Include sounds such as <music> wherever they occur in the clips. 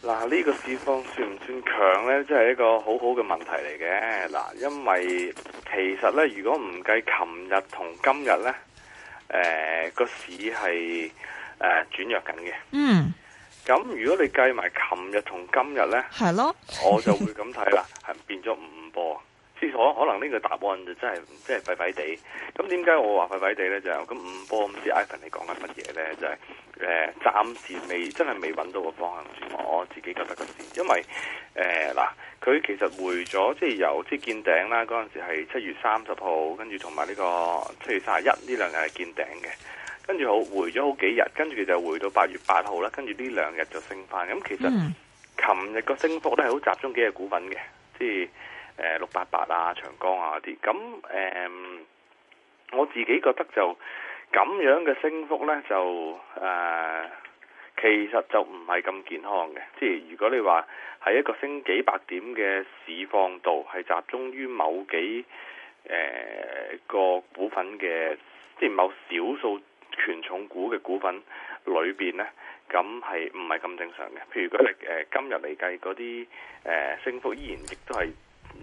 嗱，呢個市況算唔算強呢？即係一個好好嘅問題嚟嘅。嗱，因為其實呢，如果唔計琴日同今日呢，誒、呃、個市係誒、呃、轉弱緊嘅。嗯。咁如果你計埋琴日同今日呢，係咯，我就會咁睇啦，係 <laughs> 變咗五五波。思考可能呢個答案就真係、 <noise> 就是、真係廢廢地，咁點解我話廢廢地呢？就咁、是、唔知，Ivan，你講緊乜嘢呢？就係、是、誒、呃，暫時未真係未揾到個方向住，我自己覺得咁先。因為誒嗱，佢、呃、其實回咗即係由即係見頂啦，嗰陣時係七月三十號，跟住同埋呢個七月三十一呢兩日係見頂嘅，跟住好回咗好幾日，跟住就回到八月八號啦，跟住呢兩日就升翻。咁其實琴日個升幅都係好集中幾隻股份嘅，即係。誒、呃，六八八啊，長江啊嗰啲，咁誒、嗯，我自己覺得就咁樣嘅升幅呢，就誒、呃，其實就唔係咁健康嘅。即係如果你話喺一個升幾百點嘅市況度，係集中於某幾誒個股份嘅，即係某少數權重股嘅股份裏邊呢，咁係唔係咁正常嘅。譬如如果你、呃、今日嚟計嗰啲誒升幅依然亦都係。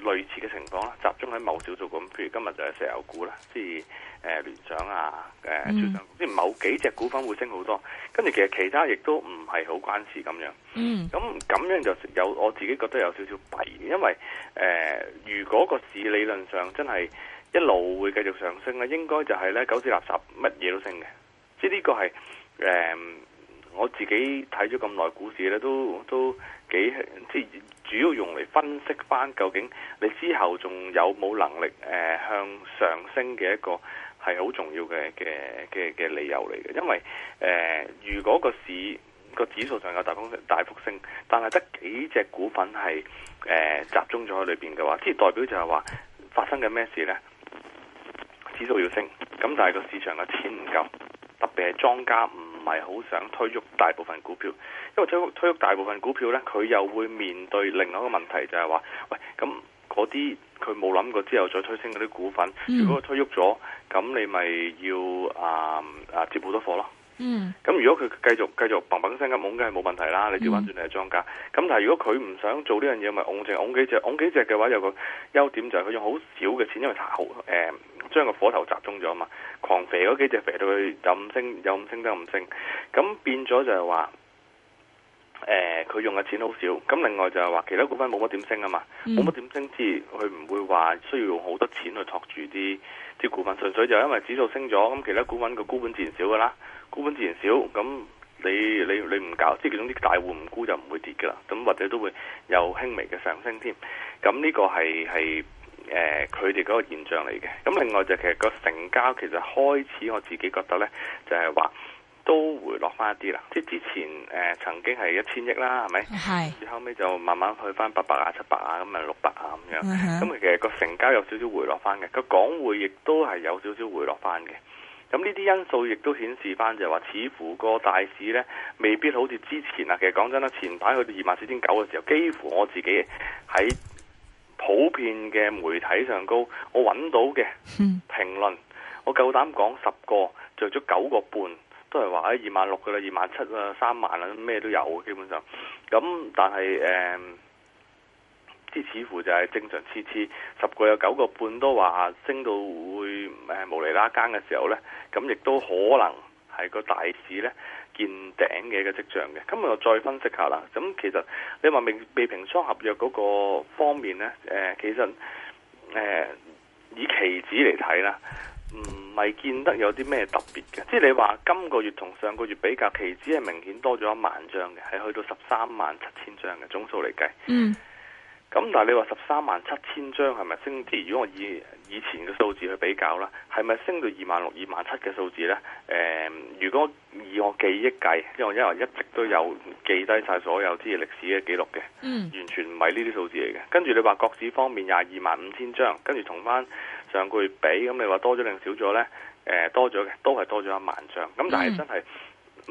類似嘅情況啦，集中喺某少數咁，譬如今日就係石油股啦，即係誒、呃、聯想啊，誒、呃、即係某幾隻股份會升好多，跟住其實其他亦都唔係好關事咁樣。咁咁、嗯、樣就有我自己覺得有少少弊，因為誒、呃、如果個市理論上真係一路會繼續上升咧，應該就係咧狗屎垃圾乜嘢都升嘅。即係呢個係誒、呃、我自己睇咗咁耐股市咧，都都幾即係。主要用嚟分析翻究竟你之後仲有冇能力誒、呃、向上升嘅一個係好重要嘅嘅嘅嘅理由嚟嘅，因為誒、呃、如果個市個指數上有大幅大幅升，但係得幾隻股份係誒、呃、集中咗喺裏邊嘅話，即係代表就係話發生緊咩事呢？指數要升，咁但係個市場嘅錢唔夠，特別係莊家唔。唔係好想推喐大部分股票，因為推推喐大部分股票呢，佢又會面對另外一個問題，就係、是、話，喂，咁嗰啲佢冇諗過之後再推升嗰啲股份，嗯、如果佢推喐咗，咁你咪要啊啊、嗯、接好多貨咯。嗯，咁如果佢繼續繼續砰砰聲咁拱，梗係冇問題啦。你調翻轉嚟係莊家，咁、嗯、但係如果佢唔想做呢樣嘢，咪拱淨拱幾隻，拱幾隻嘅話有個優點就係佢用好少嘅錢，因為頭誒將個火頭集中咗嘛，狂肥嗰幾隻肥到佢去任升，有五升得五升，咁變咗就係話。誒佢、呃、用嘅錢好少，咁另外就係話其他股份冇乜點升啊嘛，冇乜點升之，之，佢唔會話需要用好多錢去托住啲啲股份，純粹就係因為指數升咗，咁其他股份個股本自然少噶啦，股本自然少，咁你你你唔搞，即係其中啲大戶唔沽就唔會跌噶啦，咁或者都會有輕微嘅上升添，咁呢個係係誒佢哋嗰個現象嚟嘅，咁另外就其實個成交其實開始我自己覺得咧，就係話。都回落翻一啲、呃、啦，即係之前誒曾經係一千億啦，係咪是？係。後尾就慢慢去翻八百啊、七百啊，咁啊六百啊咁樣。咁、uh huh. 其實個成交有少少回落翻嘅，個港匯亦都係有少少回落翻嘅。咁呢啲因素亦都顯示翻就係話，似乎個大市呢，未必好似之前啊。其實講真啦，前排去到二萬四千九嘅時候，幾乎我自己喺普遍嘅媒體上高，我揾到嘅評論，嗯、我夠膽講十個，做咗九個半。都係話喺二萬六噶啦，二萬七啊，三萬啊，咩都有，基本上。咁但係誒，即似乎就係正常，次次十個有九個半都話升到會誒無厘啦間嘅時候呢，咁亦都可能係個大市呢見頂嘅一個跡象嘅。咁我再分析下啦。咁其實你話未未平倉合約嗰個方面呢，誒、呃、其實誒、呃、以期指嚟睇啦。唔係見得有啲咩特別嘅，即係你話今個月同上個月比較，期指係明顯多咗一萬張嘅，係去到十三萬七千張嘅總數嚟計。嗯，咁但係你話十三萬七千張係咪升啲？如果我以以前嘅數字去比較啦，係咪升到二萬六、二萬七嘅數字呢？誒，如果以我記憶計，因為因為一直都有記低晒所有啲歷史嘅記錄嘅，嗯，完全唔係呢啲數字嚟嘅。跟住你話國指方面廿二萬五千張，跟住同翻。上個月比咁，你話多咗定少咗呢？誒，多咗嘅，都係多咗一萬張。咁但係真係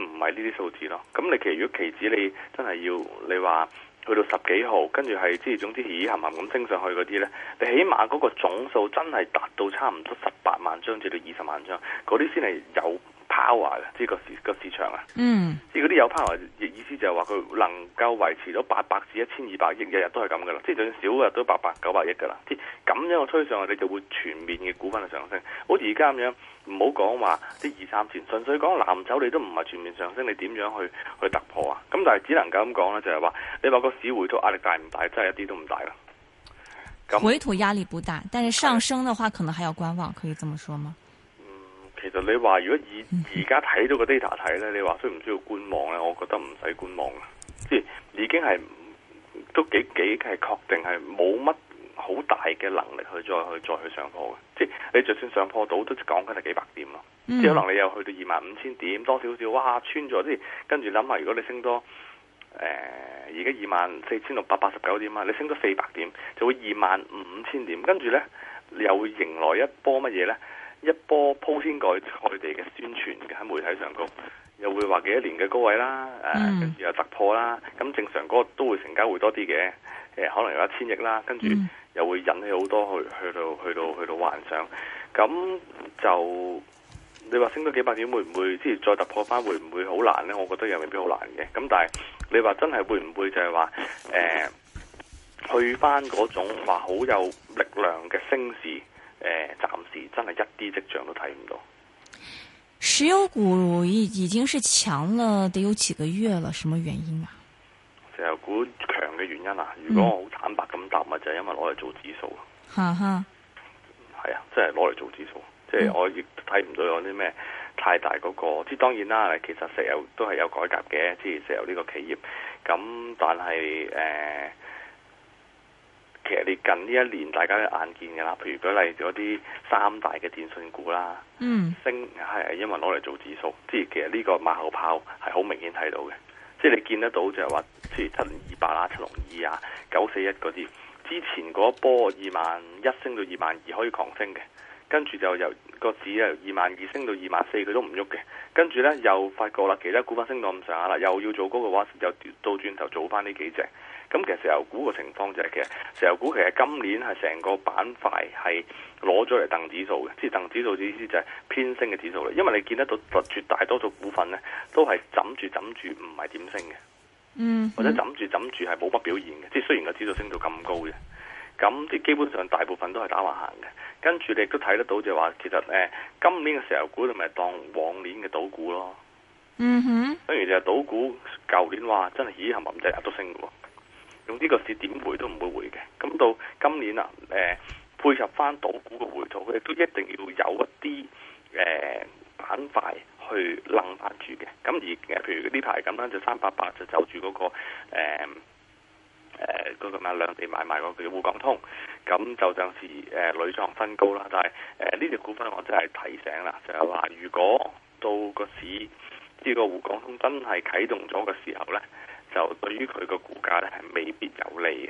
唔係呢啲數字咯。咁你其實如果期指你真係要你話去到十幾號，跟住係即係總之起起行行咁升上去嗰啲呢，你起碼嗰個總數真係達到差唔多十八萬張至到二十萬張，嗰啲先係有。Power 啊！即係個市、個市場啊！即係嗰啲有 Power，意思就係話佢能夠維持到八百至一千二百億，日日都係咁噶啦。即係就算少嘅都八百九百億噶啦。咁樣我推上去，你就會全面嘅股份上升。好似而家咁樣，唔好講話啲二三千，2, 3, 000, 純粹講藍籌，你都唔係全面上升。你點樣去去突破啊？咁但係只能夠咁講啦，就係話你話個市回吐壓力大唔大？真係一啲都唔大啦。回吐壓力不大，但係上升嘅話可能還要觀望，的可以這麼說嗎？其實你話如果以而家睇到個 data 睇呢，你話需唔需要觀望呢？我覺得唔使觀望嘅，即係已經係都幾幾係確定係冇乜好大嘅能力去再去再去上破嘅。即係你就算上破到都講緊係幾百點咯。即係、嗯、可能你又去到二萬五千點多少少，哇穿咗！即係跟住諗下，如果你升多誒而家二萬四千六百八十九點啊，你升多四百點就會二萬五千點，跟住呢又會迎來一波乜嘢呢？一波鋪天蓋地嘅宣傳嘅喺媒體上高，又會話幾多年嘅高位啦，誒、呃，跟住、mm. 又突破啦，咁正常嗰個都會成交會多啲嘅，誒、呃，可能有一千億啦，跟住又會引起好多去去到去到去到，去到幻想，咁就你話升到幾百點會唔會，即係再突破翻會唔會好難呢？我覺得又未必好難嘅，咁但係你話真係會唔會就係話誒，去翻嗰種話好有力量嘅升市？誒、呃，暫時真係一啲跡象都睇唔到。石油股已已經是強了，得有幾個月了，什麼原因啊？石油股強嘅原因啊，如果我好坦白咁答，咪就係因為攞嚟做指數。吓係哈啊，即係攞嚟做指數，即係我亦都睇唔到有啲咩太大嗰個。即、嗯、當然啦，其實石油都係有改革嘅，即係石油呢個企業。咁但係誒。呃其實你近呢一年大家都眼見嘅啦，譬如舉例嗰啲三大嘅電信股啦，mm. 升係因為攞嚟做指數，即係其實呢個馬後炮係好明顯睇到嘅，即係你見得到就係話，即係七二八啦、七六二啊、九四一嗰啲，之前嗰一波二萬一升到二萬二可以狂升嘅，跟住就由嗰個指啊二萬二升到二萬四佢都唔喐嘅，跟住呢又發覺啦，其他股份升到咁上下啦，又要做高嘅話，又倒轉頭做翻呢幾隻。咁其實石油股個情況就係其實石油股其實今年係成個板塊係攞咗嚟掟指數嘅，即係掟指數意思就係偏升嘅指數嚟。因為你見得到，絕大多數股份咧都係枕住枕住，唔係點升嘅，嗯，或者枕住枕住係冇乜表現嘅，即係雖然個指數升到咁高嘅，咁即基本上大部分都係打橫行嘅。跟住你亦都睇得到就係話，其實誒、呃、今年嘅石油股你咪當往年嘅賭股咯，嗯哼，等如就係賭股。舊年話真係咦，係冇唔止日日都升嘅喎。用呢個市點回都唔會回嘅，咁到今年啊，誒、呃、配合翻倒股嘅回吐，佢亦都一定要有一啲誒板塊去掹翻住嘅。咁而誒，譬如呢排咁樣，就三百八就走住嗰、嗰個誒誒咩啊，呃呃嗰個、兩地買賣嗰個滬港通，咁就暫時誒累創新高啦。但係誒呢隻股份我真係提醒啦，就係話如果到個市呢、呢個滬港通真係啟動咗嘅時候咧。就對於佢個股價咧，係未必有利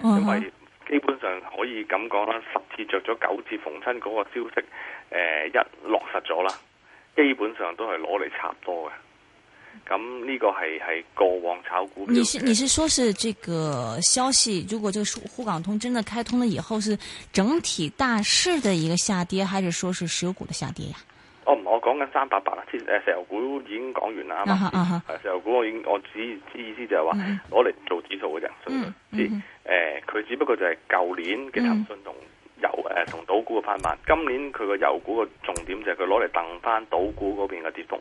嘅，因為基本上可以咁講啦，十次着咗九次逢親嗰個消息，誒、呃、一落實咗啦，基本上都係攞嚟插多嘅。咁呢個係係過往炒股票。你是你是說是這個消息，如果這個滬港通真的開通了以後，是整體大市的一個下跌，還是說是石油股的下跌呀？我唔、哦，我講緊三八八啦，即石油股已經講完啦、啊，啊嘛，啊石油股我已經我只意思就係話攞嚟做指數嘅啫，嗯嗯，誒利，佢、嗯、只不過就係舊年嘅騰訊同油誒同賭股嘅翻版，今年佢個油股嘅重點就係佢攞嚟掟翻賭股嗰邊嘅跌幅。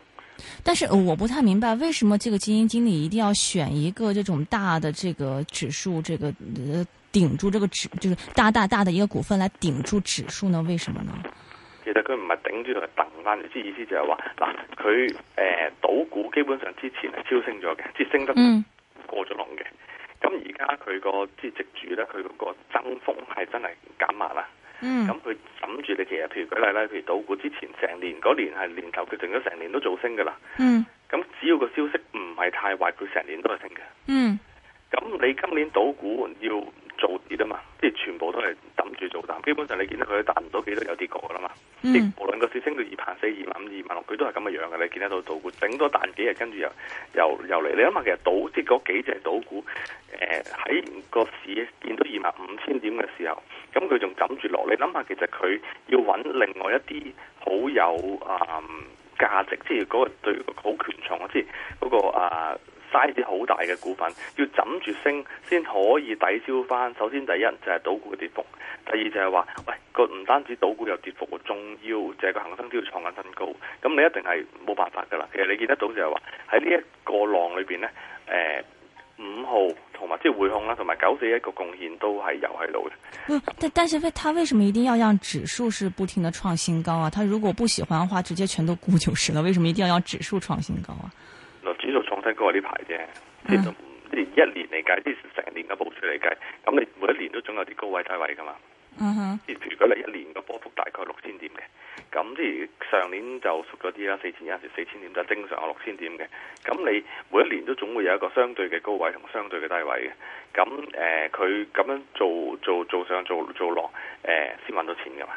但是我不太明白，為什麼這個基金經理一定要選一個這種大的這個指數，這個頂住這個指就是大大大的一個股份來頂住指數呢？為什麼呢？其實佢唔係頂住頭，係蹬翻。即係意思就係話，嗱，佢誒，賭、呃、股基本上之前係超升咗嘅，即係升得過咗籠嘅。咁而家佢個市值主咧，佢嗰個增幅係真係減慢啦。咁佢諗住你其實，譬如舉例咧，譬如賭股之前成年嗰年係年頭決了，佢定咗成年都做升噶啦。咁、嗯、只要個消息唔係太壞，佢成年都係升嘅。咁、嗯、你今年賭股要做跌啊嘛？即係全部都係諗住做淡，基本上你見到佢都打唔到幾多少有啲過噶啦嘛。嗯，無論個市升到二萬四、二萬五、二萬六，佢都係咁嘅樣嘅，你見得到賭股頂多彈幾日，跟住又又又嚟。你諗下，其實賭即係嗰幾隻賭股，誒、呃、喺個市見到二萬五千點嘅時候，咁佢仲枕住落。你諗下，其實佢要揾另外一啲好有啊價值，即係嗰個好權重，即係嗰個啊。嘥啲好大嘅股份，要枕住升先可以抵消翻。首先第一就係賭股嘅跌幅，第二就係話，喂個唔單止賭股有跌幅仲要，就係個恒生都要創緊新高。咁你一定係冇辦法噶啦。其實你見得到就係話喺呢一個浪裏邊呢誒五、呃、號同埋即係匯控啦，同埋九四一個貢獻都係有喺度嘅。但但是為，他為什麼一定要讓指數是不停的創新高啊？他如果不喜歡的話，直接全都沽九十就是了。為什麼一定要讓指數創新高啊？睇過呢排啫，即係、mm hmm. 一年嚟計，即係成年嘅部署嚟計，咁你每一年都總有啲高位低位噶嘛。嗯哼，如果你一年嘅波幅大概六千點嘅，咁即係上年就熟咗啲啦，四千一時四千點就正常有六千點嘅，咁你每一年都總會有一個相對嘅高位同相對嘅低位嘅，咁誒佢咁樣做做做上做做落誒先搵到錢噶嘛。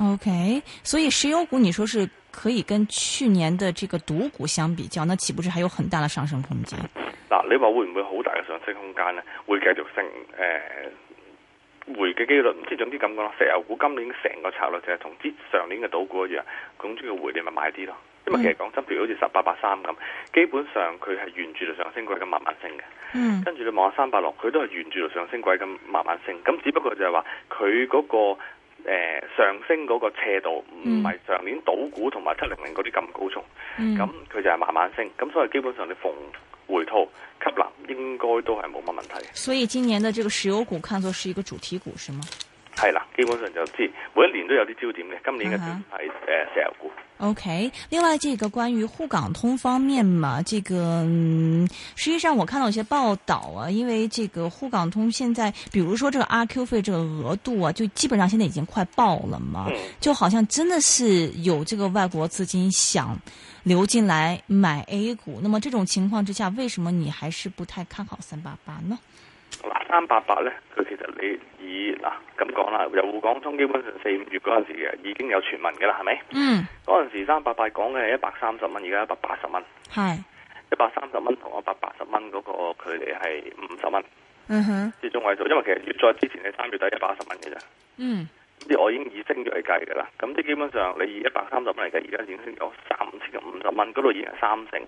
Okay，所以石油股，你說是可以跟去年的這個賭股相比較，那豈不是還有很大嘅上升空間？嗱、嗯，嗯、你話會唔會好大嘅上升空間呢？會繼續升，誒、呃，回嘅幾率唔知，總之咁講咯。石油股今年成個策略就係同之上年嘅賭股的慢慢一樣，咁仲要回你咪買啲咯。因為其實講真，譬如好似十八八三咁，基本上佢係沿住度上升軌咁慢慢升嘅。嗯，跟住你望下三百六，佢都係沿住度上升軌咁慢慢升，咁只不過就係話佢嗰個。誒、呃、上升嗰個斜度唔係、嗯、上年賭股同埋七零零嗰啲咁高聳，咁佢、嗯、就係慢慢升，咁所以基本上你逢回吐吸納應該都係冇乜問題。所以今年的這個石油股看作是一個主題股，是嗎？係啦，基本上就知每一年都有啲焦點嘅。今年嘅係誒石油股。OK，另外，這個關於滬港通方面嘛，這個、嗯、實際上我看到有些報道啊，因為這個滬港通現在，比如說這個 R Q 費這個額度啊，就基本上現在已經快爆了嘛，嗯、就好像真的是有這個外國資金想流進來買 A 股。那麼這種情況之下，為什麼你還是不太看好三八八呢？三八八呢？佢其實你。以嗱咁講啦，由滬港通基本上四五月嗰陣時嘅已經有傳聞嘅啦，係咪？嗯。嗰陣時三百八講嘅係一百三十蚊，而家一百八十蚊。係一百三十蚊同一百八十蚊嗰個距離係五十蚊。嗯哼。之中位數，因為其實月在之前嘅三月底一百八十蚊嘅啫。嗯。啲我已經以升月嚟計嘅啦，咁即係基本上你以一百三十蚊嚟計，而家已經升咗三千五十蚊，嗰度已經三成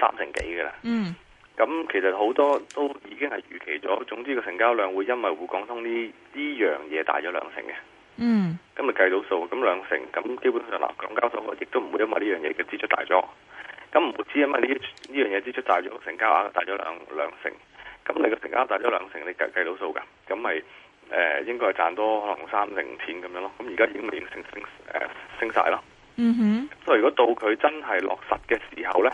三成幾嘅啦。嗯。咁其實好多都已經係預期咗，總之個成交量會因為滬港通呢呢樣嘢大咗兩成嘅。嗯，咁咪計到數，咁兩成，咁基本上嗱，港交所亦都唔會因為呢樣嘢嘅支出大咗。咁唔會只因為呢呢樣嘢支出大咗，成交額大咗兩兩成，咁你個成交大咗兩成，你計計到數㗎，咁咪誒應該係賺多可能三成錢咁樣咯。咁而家已經係成升誒、呃、升曬咯。嗯哼、mm。Hmm. 所以如果到佢真係落實嘅時候咧？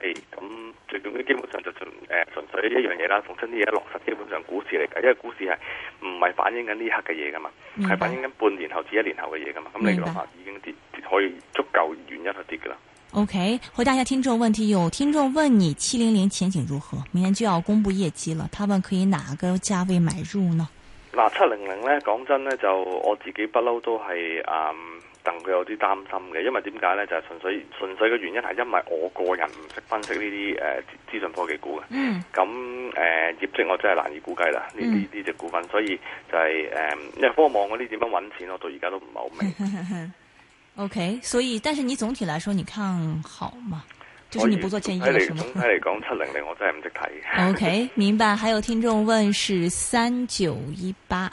誒，咁最基本上就純誒純粹一樣嘢啦，逢親啲嘢落實，基本上股市嚟嘅，因為股市係唔係反映緊呢刻嘅嘢噶嘛，係白反映緊半年後至一年後嘅嘢噶嘛，咁你話已經跌白可以足夠遠一啲跌噶啦。OK，回答下聽眾問題，有聽眾問你七零零前景如何？明天就要公布業績啦，他問可以哪個價位買入呢？嗱、呃，七零零咧，講真咧，就我自己不嬲都係誒。嗯等佢有啲擔心嘅，因為點解咧？就係、是、純粹純粹嘅原因係因為我個人唔識分析呢啲誒資訊科技股嘅。嗯。咁誒、呃、業績我真係難以估計啦。呢啲呢隻股份，所以就係、是、誒，因為科網嗰啲點樣揾錢，我到而家都唔係好明。 <laughs> o、okay, K，所以，但是你總體來說，你看好嘛？就是你不做建議啦。什麼？總體嚟講，七零零我真係唔識睇。O、okay, K，明白。還有聽眾問是三九一八。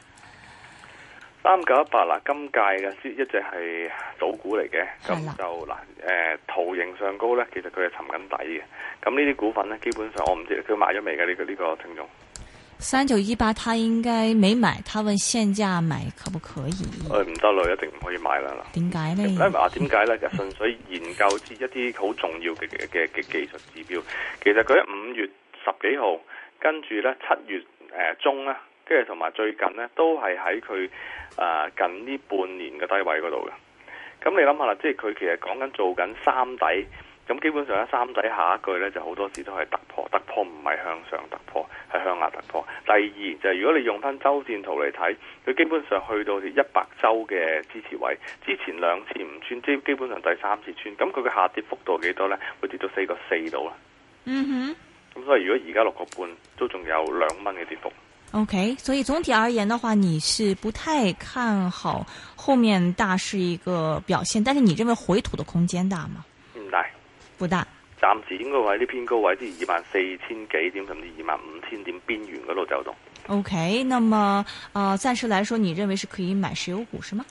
三九一八嗱，今屆嘅一隻係賭股嚟嘅，咁的就嗱，誒、呃，圖形上高咧，其實佢係沉緊底嘅。咁呢啲股份咧，基本上我唔知佢買咗未嘅呢個呢、這個聽眾。三九一八，他應該未買，他問現價買可唔可以？誒、欸，唔得啦，一定唔可以買啦。點解咧？啊，點解咧？就純粹研究一啲好重要嘅嘅嘅技術指標。其實佢喺五月十幾號，跟住咧七月誒、呃、中咧。跟住同埋最近呢，都係喺佢啊近呢半年嘅低位嗰度嘅。咁你諗下啦，即係佢其實講緊做緊三底，咁基本上喺三底下一句呢就好多時都係突破，突破唔係向上突破，係向下突破。第二就係、是、如果你用翻周線圖嚟睇，佢基本上去到一百周嘅支持位，之前兩次唔穿，即基本上第三次穿，咁佢嘅下跌幅度幾多呢？會？跌到四個四度啦。咁、mm hmm. 所以如果而家六個半，都仲有兩蚊嘅跌幅。OK，所以總體而言的話，你是不太看好後面大市一個表現，但是你認為回吐的空間大嗎？唔大，不大。不大。暫時應該話喺啲偏高位，啲二萬四千幾點，甚至二萬五千點邊緣嗰度走動。OK，那麼呃，暫時來說，你認為是可以買石油股是嗎？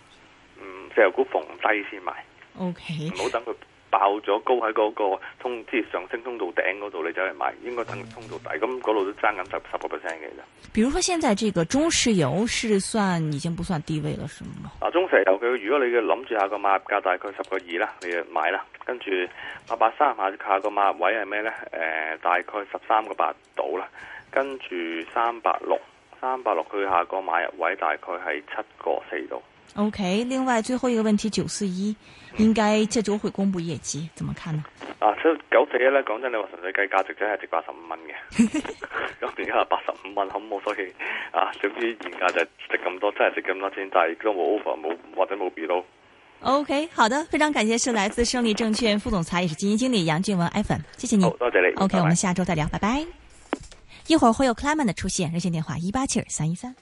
嗯，石油股逢低先買。OK，唔好等佢。爆咗高喺嗰個通，即係上升通道頂嗰度，你走去買，應該等通道底。咁嗰度都爭緊十十個 percent 嘅啫。比如說，現在這個中石油是算已經不算低位了，是嗎？啊，中石油佢如果你諗住下個買入價大概十個二啦，你就買啦。跟住八百三下下個買入位係咩呢、呃？大概十三個八到啦。跟住三百六，三百六佢下個買入位大概係七個四度。OK，另外最後一個問題，九四一應該這周會公布業績，怎麼看呢？啊，這九四一呢，講真，你話純粹計價值，真係值八十五蚊嘅。今年家八十五蚊，好唔好？所以啊，總之現價就值咁多，真係值咁多錢，但係都冇 over，冇或者冇跌到。OK，好的，非常感謝，是來自勝利證券副總裁，也是基金經理楊俊文 Ivan，謝謝你。多謝你。OK，拜拜，我們下周再聊，拜拜。一會兒會有克萊曼的出現，熱線電話一八七二三一三。